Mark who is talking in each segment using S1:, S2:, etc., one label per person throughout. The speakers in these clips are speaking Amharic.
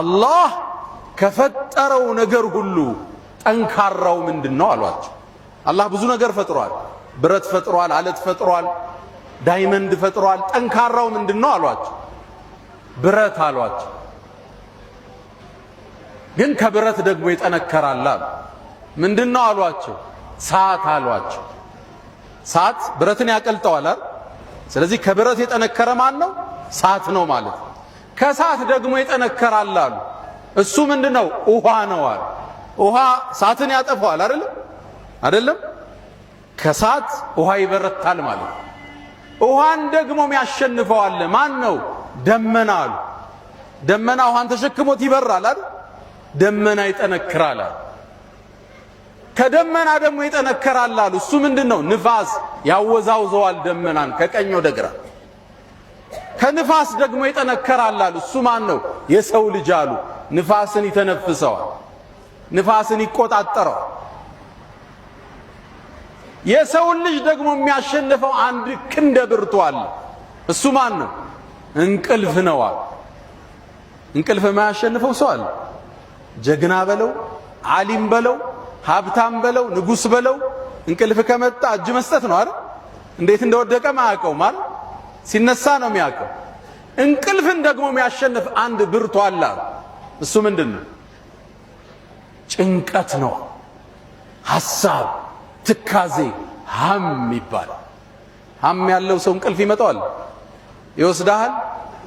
S1: አላህ ከፈጠረው ነገር ሁሉ ጠንካራው ምንድን ነው አሏቸው። አላህ ብዙ ነገር ፈጥሯል። ብረት ፈጥሯል፣ አለት ፈጥሯል፣ ዳይመንድ ፈጥሯል። ጠንካራው ምንድን ነው አሏቸው። ብረት አሏቸው። ግን ከብረት ደግሞ ይጠነከራል አሉ። ምንድን ነው አሏቸው። ሰዓት አሏቸው። ሰዓት ብረትን ያቀልጠዋል። ስለዚህ ከብረት የጠነከረ ማን ነው? ሰዓት ነው ማለት ነው። ከእሳት ደግሞ ይጠነከራል አሉ። እሱ ምንድነው? ውሃ ነው አሉ። ውሃ እሳትን ያጠፋዋል አይደለም አይደለም። ከእሳት ውሃ ይበረታል ማለት ነው። ውሃን ደግሞ የሚያሸንፈዋል ማን ነው? ደመና አሉ። ደመና ውሃን ተሸክሞት ይበራል አይደል? ደመና ይጠነክራል አሉ። ከደመና ደግሞ ይጠነከራል አሉ። እሱ ምንድነው? ንፋስ ያወዛውዘዋል ደመናን ከቀኝ ወደ ግራ ከንፋስ ደግሞ ይጠነከራል አሉ። እሱ ማን ነው? የሰው ልጅ አሉ። ንፋስን ይተነፍሰዋል፣ ንፋስን ይቆጣጠረዋል። የሰውን ልጅ ደግሞ የሚያሸንፈው አንድ ክንደ ብርቱ አለ። እሱ ማን ነው? እንቅልፍ ነው አሉ። እንቅልፍ የማያሸንፈው ሰው አለ። ጀግና በለው፣ ዓሊም በለው፣ ሀብታም በለው፣ ንጉሥ በለው እንቅልፍ ከመጣ እጅ መስጠት ነው አይደል? እንዴት እንደወደቀ ማያውቀውም ማለት ሲነሳ ነው የሚያውቀው። እንቅልፍን ደግሞ የሚያሸንፍ አንድ ብርቱ አለ። እሱ ምንድን ነው? ጭንቀት ነው። ሐሳብ፣ ትካዜ፣ ሀም ይባላል። ሀም ያለው ሰው እንቅልፍ ይመጣዋል፣ ይወስዳሃል።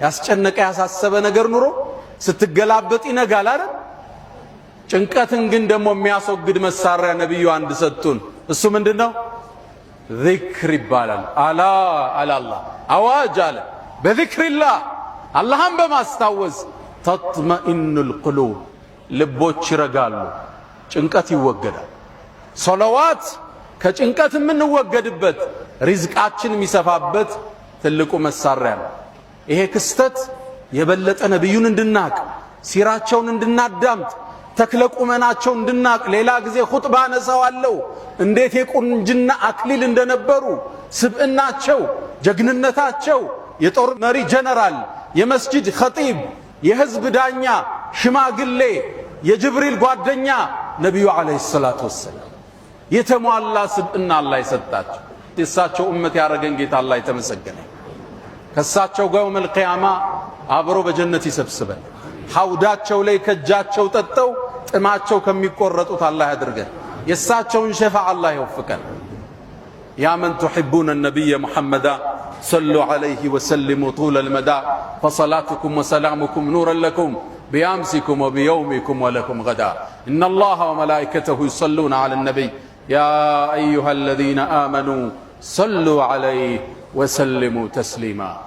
S1: ያስጨነቀ ያሳሰበ ነገር ኑሮ ስትገላበጥ ይነጋል አይደል? ጭንቀትን ግን ደግሞ የሚያስወግድ መሳሪያ ነብዩ አንድ ሰጡን። እሱ ምንድን ነው? ዚክር ይባላል። አላ አላላ አዋጅ አለ በዚክሪላህ አላህን በማስታወስ ተጥመኢኑል ቁሉብ ልቦች ይረጋሉ፣ ጭንቀት ይወገዳል። ሶለዋት ከጭንቀት የምንወገድበት ሪዝቃችን የሚሰፋበት ትልቁ መሳሪያ ነው። ይሄ ክስተት የበለጠ ነቢዩን እንድናቅ ሲራቸውን እንድናዳምጥ ተክለ ቁመናቸው እንድናቅ ሌላ ጊዜ ሁጥባ ነሳዋለሁ። እንዴት የቁንጅና አክሊል እንደነበሩ ስብዕናቸው፣ ጀግንነታቸው የጦር መሪ ጀነራል፣ የመስጂድ ኸጢብ፣ የህዝብ ዳኛ፣ ሽማግሌ፣ የጅብሪል ጓደኛ ነቢዩ ዓለይሂ ሰላቱ ወሰላም የተሟላ ስብዕና አላህ የሰጣቸው የእሳቸው እመት ያደረገን ጌታ አላህ የተመሰገነ ከእሳቸው ጋር የውመል ቂያማ አብሮ በጀነት ይሰብስበን። ሐውዳቸው ላይ ከእጃቸው ጠጠው ጥማቸው ከሚቆረጡት አላህ ያድርገን። የእሳቸውን ሸፋ አላህ ይወፍቀን። ያ መን ቱሒቡነ ነቢየ ሙሐመዳ ሰሉ ዐለይሂ ወሰሊሙ ጡለል መዳ ፈሰላቱኩም ወሰላሙኩም ኑረን ለኩም بأمسكم وبيومكم ولكم غدا إن الله وملائكته يصلون على النبي يا أيها الذين آمنوا صلوا عليه وسلموا تسليما